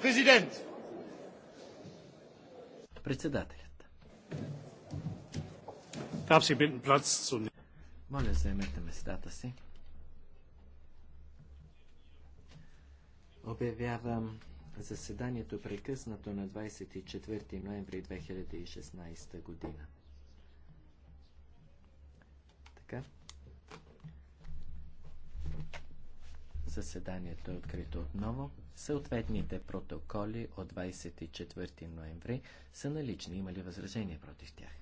Президент! Председателят. Darf Sie bitten, Platz Моля, заемете местата си. Обявявам заседанието прекъснато на 24 ноември 2016 година. Така. Заседанието е открито отново. Съответните протоколи от 24 ноември са налични. Има ли възражения против тях?